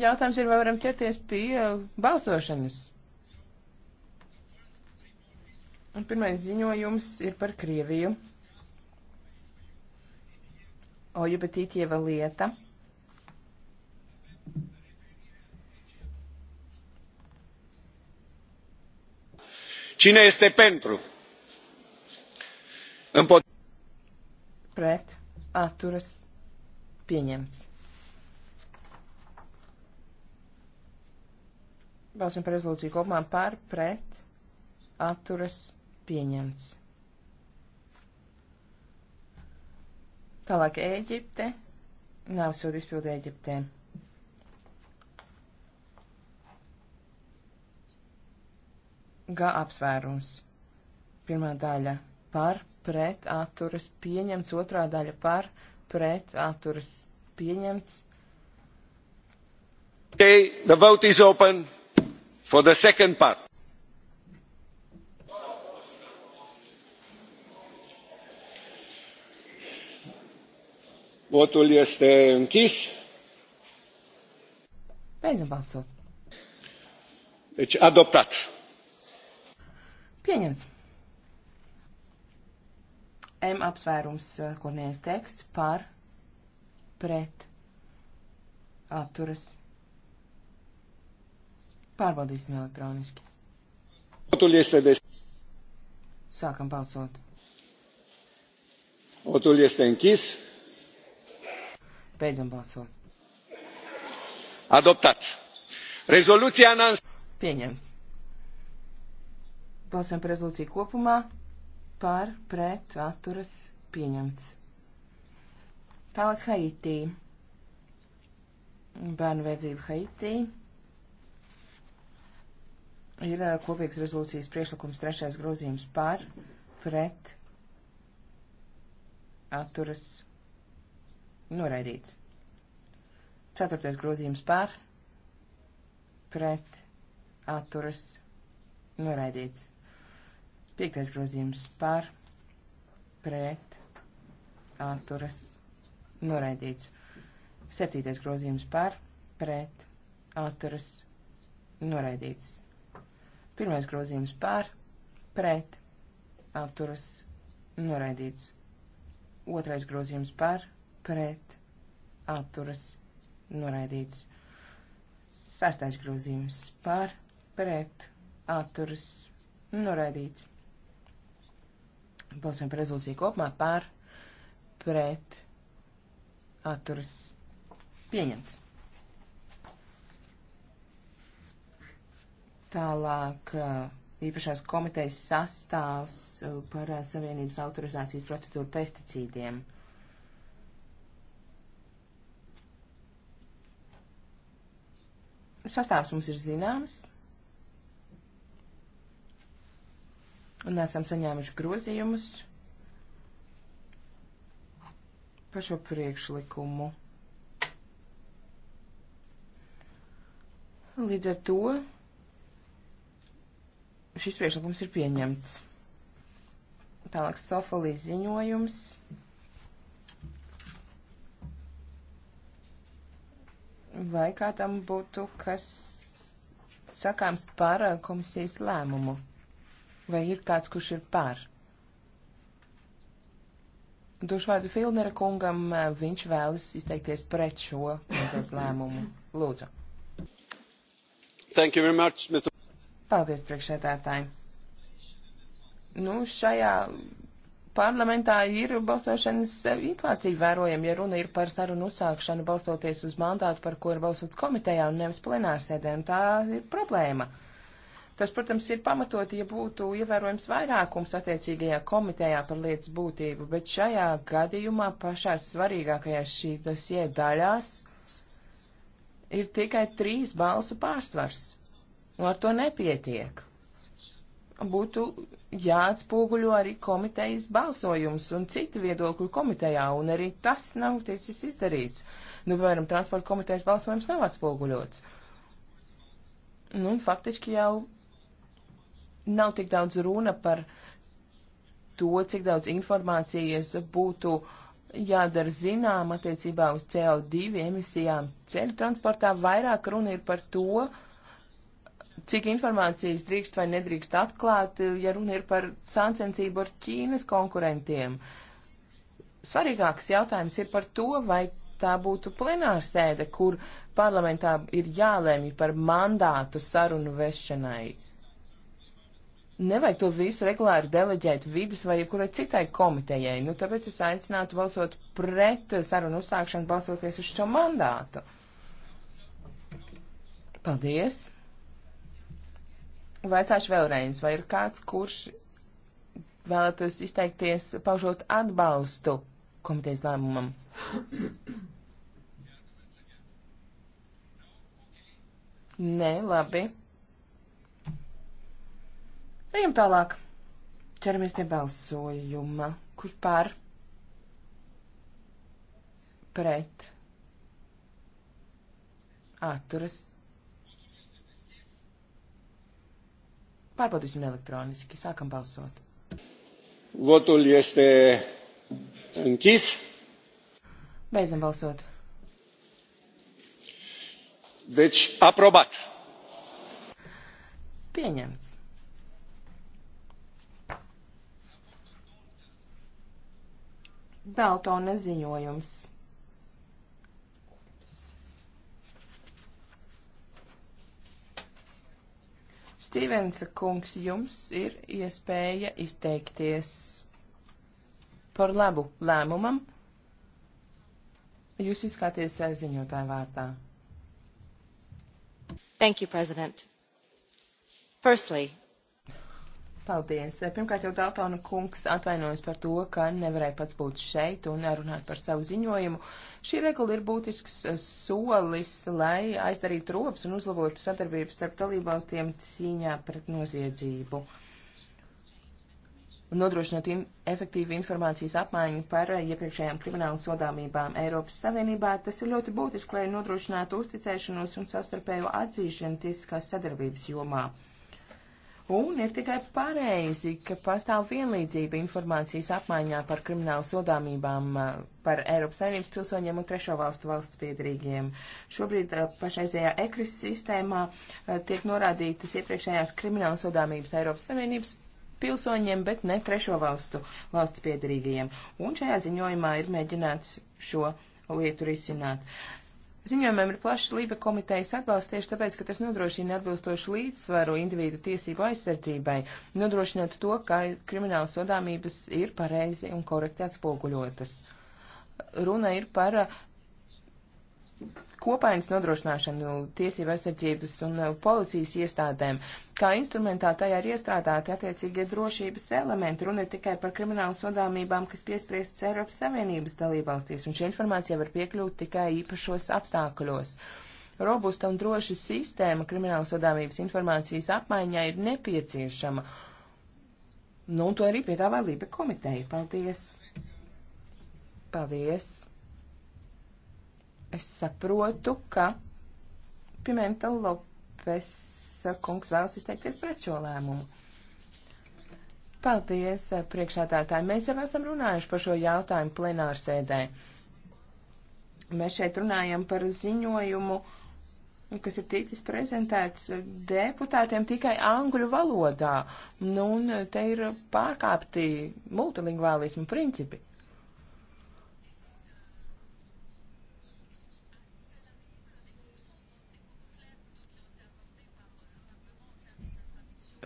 Jautājums ir, vai varam ķerties pie uh, balsošanas. Un pirmais ziņojums ir par Krieviju. Oju Betītieva lieta. Cine este pentru? Împot... Pret. Atturas. Pieņemts. Balsim par rezolūciju kopumā par pret atturas pieņemts. Tālāk Ēģipte. Nav sūdu izpildu Ēģiptē. Gā apsvērums. Pirmā daļa par pret atturas pieņemts, otrā daļa par pret atturas pieņemts. Okay, the vote is open for the second part. Votul este închis. Beidzam balsot. Deci adoptat. Pieņemts. M apsvērums Kornējas eh, teksts par pret atturas Pārbaudīsim elektroniski. Otul este des. Sākam balsot. Otul este închis. Beidzam balsot. Adoptat. Rezolūcija nans. Pieņemts. Balsam par rezolūciju kopumā. Par, pret, atturas. Pieņemts. Tālāk Haitī. Bērnu vedzību Haitī ir uh, kopīgs rezolūcijas priešlikums trešais grozījums par, pret, atturas, noraidīts. Ceturtais grozījums par, pret, atturas, noraidīts. Piektais grozījums par, pret, atturas, noraidīts. Septītais grozījums par, pret, atturas, noraidīts. Pirmais grozījums pār, pret, apturas, noraidīts. Otrais grozījums pār, pret, apturas, noraidīts. Sastais grozījums pār, pret, apturas, noraidīts. Balsojam par rezolūciju kopumā pār, pret, atturas pieņemts. Tālāk eh, īpašās komitejas sastāvs eh, par eh, Savienības autorizācijas procedūru pesticīdiem. Sastāvs mums ir zināms. Un esam saņēmuši grozījumus par šo priekšlikumu. Līdz ar to šis priekšlikums ir pieņemts. Tālāk Sofolijas ziņojums. Vai kā tam būtu, kas sakāms par eh, komisijas lēmumu? Vai ir kāds, kurš ir par? Došu vārdu Filnera kungam, eh, viņš vēlas izteikties pret šo lēmumu. Lūdzu. Thank you very much, Mr. Paldies, priekšsēdētāji. Nu, šajā parlamentā ir balsošanas inklācija vērojama, ja runa ir par sarunu uzsākšanu balstoties uz mandātu, par ko ir balsots komitejā un nevis plenārsēdēm. Tā ir problēma. Tas, protams, ir pamatoti, ja būtu ievērojams vairākums attiecīgajā komitejā par lietas būtību, bet šajā gadījumā pašās svarīgākajās šī dosie daļās ir tikai trīs balsu pārsvars. Nu, ar to nepietiek. Būtu jāatspūguļo arī komitejas balsojums un citi viedokļi komitejā, un arī tas nav tiecis izdarīts. Nu, piemēram, transporta komitejas balsojums nav atspūguļots. Nu, un faktiski jau nav tik daudz runa par to, cik daudz informācijas būtu jādara zinām attiecībā uz CO2 emisijām ceļu transportā. Vairāk runa ir par to, uh, cik informācijas drīkst vai nedrīkst atklāt, ja runa ir par sāncensību ar Ķīnas konkurentiem. Svarīgāks jautājums ir par to, vai tā būtu plenārsēde, kur parlamentā ir jālēmj par mandātu sarunu vešanai. Nevajag to visu regulāri deleģēt vidas vai jebkurai citai komitejai, nu tāpēc es aicinātu balsot pret sarunu uzsākšanu, balsoties uz šo mandātu. Paldies! Vaicāšu vēlreiz, vai ir kāds, kurš vēlētos izteikties, paužot atbalstu komitejas lēmumam? Nē, labi. Ejam tālāk. Ķeramies pie balsojuma. Kurš pār? Pret. Atturas. Pārbaudīsim elektroniski. Sākam balsot. Votul este închis. Beidzam balsot. Deci, aprobat. Pieņemts. Daltona ziņojums. Stīvensa kungs, jums ir iespēja izteikties par labu lēmumam. Jūs izskāties ziņotāju vārtā. Thank you, President. Firstly, Paldies! Pirmkārt jau Daltona kungs atvainojas par to, ka nevarēja pats būt šeit un runāt par savu ziņojumu. Šī regula ir būtisks eh, solis, lai aizdarītu robs un uzlabotu sadarbību starp dalībvalstiem cīņā pret noziedzību. Nodrošinot in efektīvu informācijas apmaiņu par eh, iepriekšējām kriminālu sodāmībām Eiropas Savienībā, tas ir ļoti būtiski, lai nodrošinātu uzticēšanos un savstarpējo atzīšanu tiesiskās sadarbības jomā. Un ir tikai pareizi, ka pastāv vienlīdzība informācijas apmaiņā par kriminālu sodāmībām uh, par Eiropas Savienības pilsoņiem un trešo valstu valsts piedrīgiem. Šobrīd uh, pašreizējā ekris sistēmā uh, tiek norādītas iepriekšējās krimināla sodāmības Eiropas Savienības pilsoņiem, bet ne trešo valstu valsts piedrīgajiem. Un šajā ziņojumā ir mēģināts šo lietu risināt. Ziņojumam ir plašs Lība komitejas atbalsts tieši tāpēc, ka tas nodrošina atbilstošu līdzsvaru individu tiesību aizsardzībai, nodrošinot to, ka krimināla sodāmības ir pareizi un korekti atspoguļotas. Runa ir par kopainas nodrošināšanu tiesību aizsardzības un uh, policijas iestādēm. Kā instrumentā tajā ir iestrādāti attiecīgie drošības elementi, runa ir tikai par kriminālu sodāmībām, kas piespriestas Eiropas Savienības dalībvalstīs, un šī informācija var piekļūt tikai īpašos apstākļos. Robusta un droša sistēma kriminālu sodāmības informācijas apmaiņā ir nepieciešama. Nu, un to arī piedāvā Lība komiteja. Paldies! Paldies! Es saprotu, ka Pimenta Lopes kungs vēlas izteikties pret šo lēmumu. Paldies, eh, priekšādātāji. Mēs jau esam runājuši par šo jautājumu plenārsēdē. Mēs šeit runājam par ziņojumu, kas ir ticis prezentēts deputātiem tikai angļu valodā. Nu, un te ir pārkāpti multilingvālismu principi.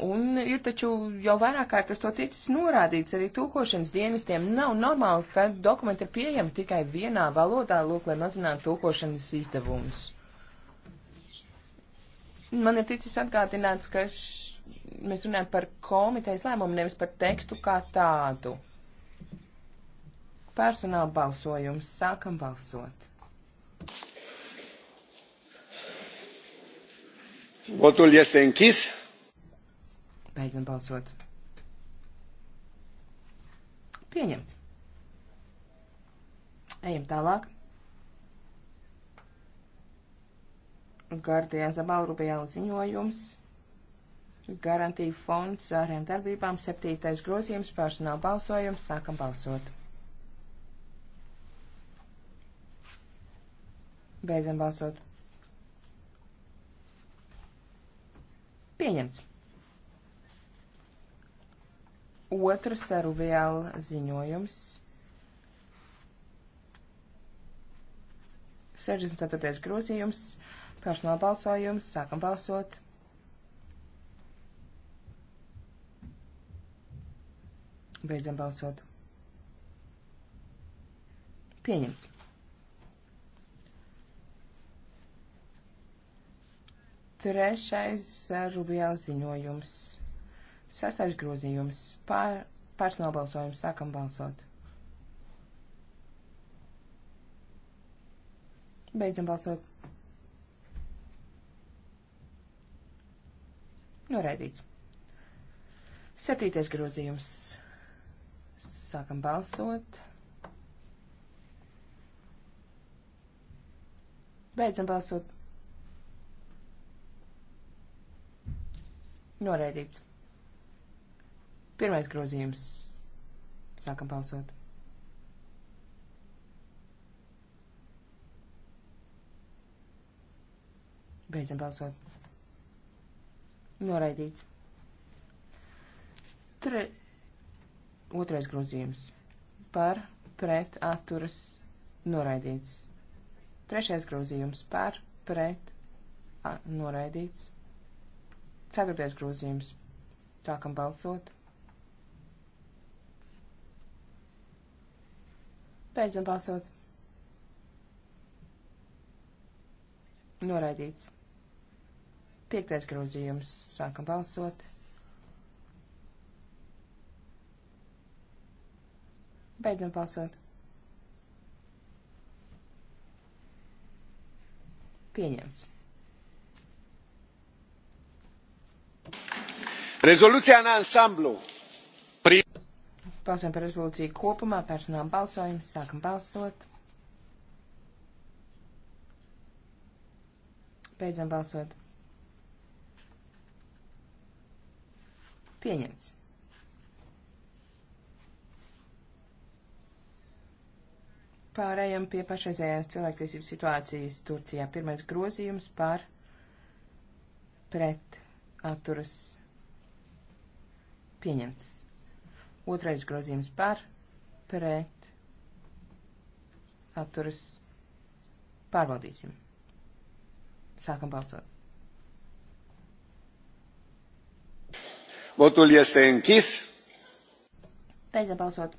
Un ir taču jau vairāk kārt, kas to ticis norādīts, arī tūkošanas dienestiem nav normāli, ka dokumenti ir pieejami tikai vienā valodā, lūk, lai mazinātu tūkošanas izdevumus. Man ir ticis atgādināts, ka š... mēs runājam par komitejas lēmumu, nevis par tekstu kā tādu. Personāla balsojums. Sākam balsot. Votul este închis. Beidzam balsot. Pieņemts. Ejam tālāk. Gardijā Zabalrubijāla ziņojums. Garantīva fonds ārējām darbībām. Septītais grozījums personāla balsojums. Sākam balsot. Beidzam balsot. Pieņemts. Otrs Saruviela ziņojums. 64. grozījums, personāla balsojums, sākam balsot. Beidzam balsot. Pieņemts. Trešais Rubjēla ziņojums. Sastais grozījums. Pār, personāla balsojums. Sākam balsot. Beidzam balsot. Noraidīts. Septītais grozījums. Sākam balsot. Beidzam balsot. Noraidīts. Pirmais grozījums. Sākam balsot. Beidzam balsot. Noraidīts. Tur ir otrais grozījums. Par, pret, atturas, noraidīts. Trešais grozījums. Par, pret, a, noraidīts. Ceturtais grozījums. Sākam balsot. Beidzam balsot. Noraidīts. Piektais grozījums. Sākam balsot. Beidzam balsot. Pieņemts. Rezolūcija en ansamblu. Pri... Balsojam par rezolūciju kopumā, personāla balsojums, sākam balsot. Beidzam balsot. Pieņemts. Pārējām pie pašreizējās cilvēktiesību situācijas Turcijā. Pirmais grozījums par pret atturas pieņemts. Otrais grozījums par, pret, atturas, pārbaudīsim. Sākam balsot. Votul este închis. Beidzam balsot.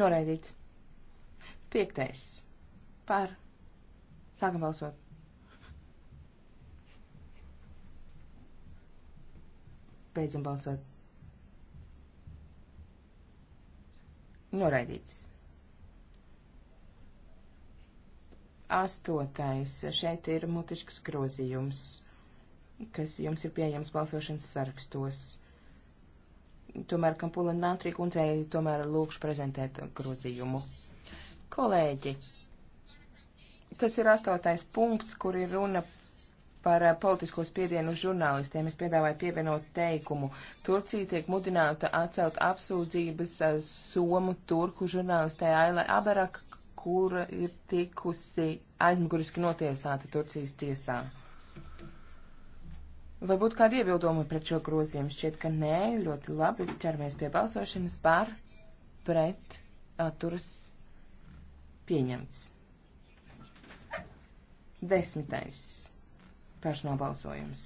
Noraidīts. Piektais. Par. Sākam balsot. Beidzam balsot. Noraidīts. Astotais. Šeit ir mutisks grozījums, kas jums ir pieejams balsošanas sarakstos. Tomēr Kampula Nātrī kundzei tomēr lūkšu prezentēt grozījumu. Kolēģi, tas ir astotais punkts, kur ir runa par eh, politisko spiedienu uz žurnālistiem. Es piedāvāju pievienot teikumu. Turcija tiek mudināta atcelt apsūdzības eh, somu turku žurnālistē Ailai Abarak, kura ir tikusi aizmuguriski notiesāta Turcijas tiesā. Vai būtu kādi iebildumi pret šo grozījumu? Šķiet, ka nē, ļoti labi. Ķeramies pie balsošanas par, pret, atturas pieņemts. Desmitais personāla balsojums.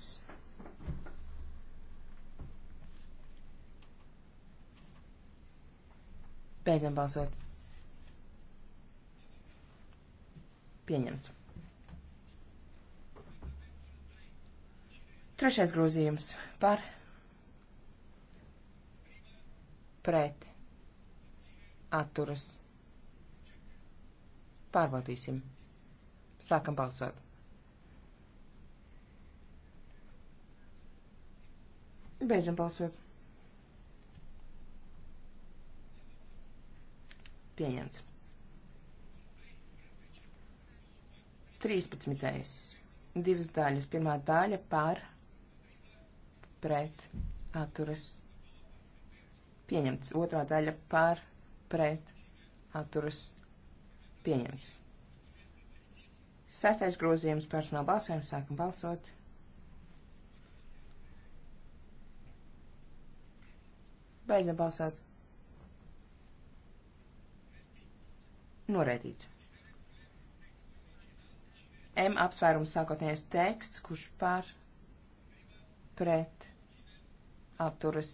Beidzam balsot. Pieņemts. Trešais grozījums par pret atturas. Pārbaudīsim. Sākam balsot. Beidzam balsot. Pieņemts. 13. Divas daļas. Pirmā daļa par, pret, atturas. Pieņemts. Otrā daļa par, pret, atturas. Pieņemts. Sestais grozījums personāla balsojums. Sākam balsot. Beidzam balsot. Noraidīts. M apsvērums sākotnējais teksts, kurš par pret apturas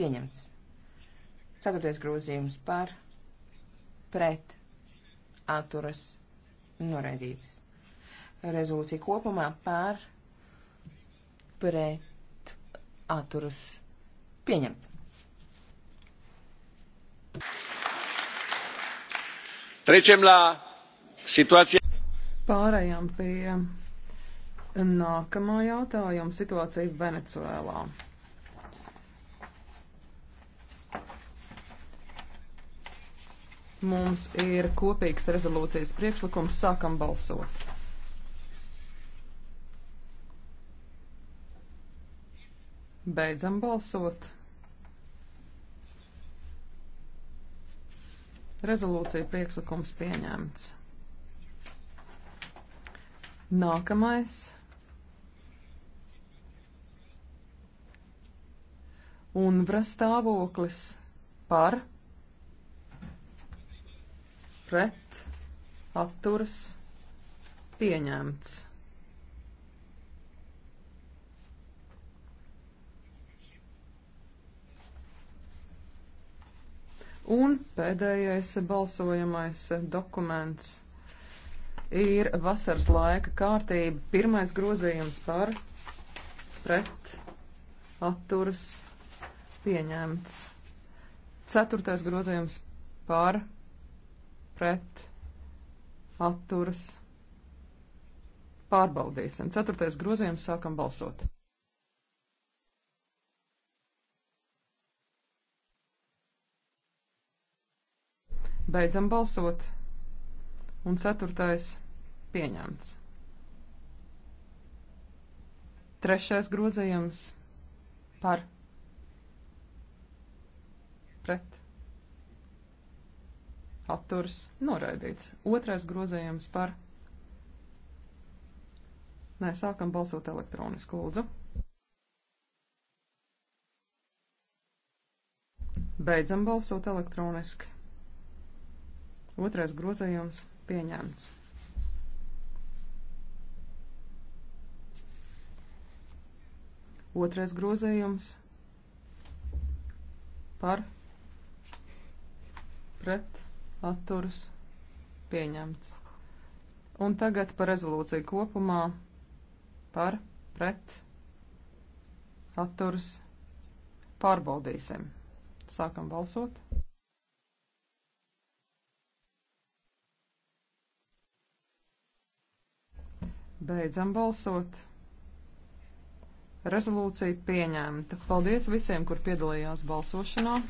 pieņemts. Ceturtais grozījums par pret atturas noraidīts. Rezolūcija kopumā par pret atturas noraidīts Pieņemts. Trečiem la situācija. Pārējām pie nākamā jautājuma situācija Venecuēlā. Mums ir kopīgs rezolūcijas priekšlikums, sākam balsot. Beidzam balsot. Rezolūcija priekšlikums pieņemts. Nākamais. Unvra stāvoklis par, pret, atturas, pieņemts. Un pēdējais balsojamais dokuments ir vasaras laika kārtība. Pirmais grozījums par pret atturas pieņemts. Ceturtais grozījums par pret atturas pārbaudīsim. Ceturtais grozījums sākam balsot. Beidzam balsot. Un ceturtais pieņemts. Trešais grozījums par pret atturs noraidīts. Otrais grozījums par Nē, sākam balsot elektroniski, lūdzu. Beidzam balsot elektroniski. Otrais grozījums pieņemts. Otrais grozījums par pret atturas pieņemts. Un tagad par rezolūciju kopumā par pret atturas pārbaudīsim. Sākam balsot. Beidzam balsot. Rezolūcija pieņemta. Paldies visiem, kur piedalījās balsošanā.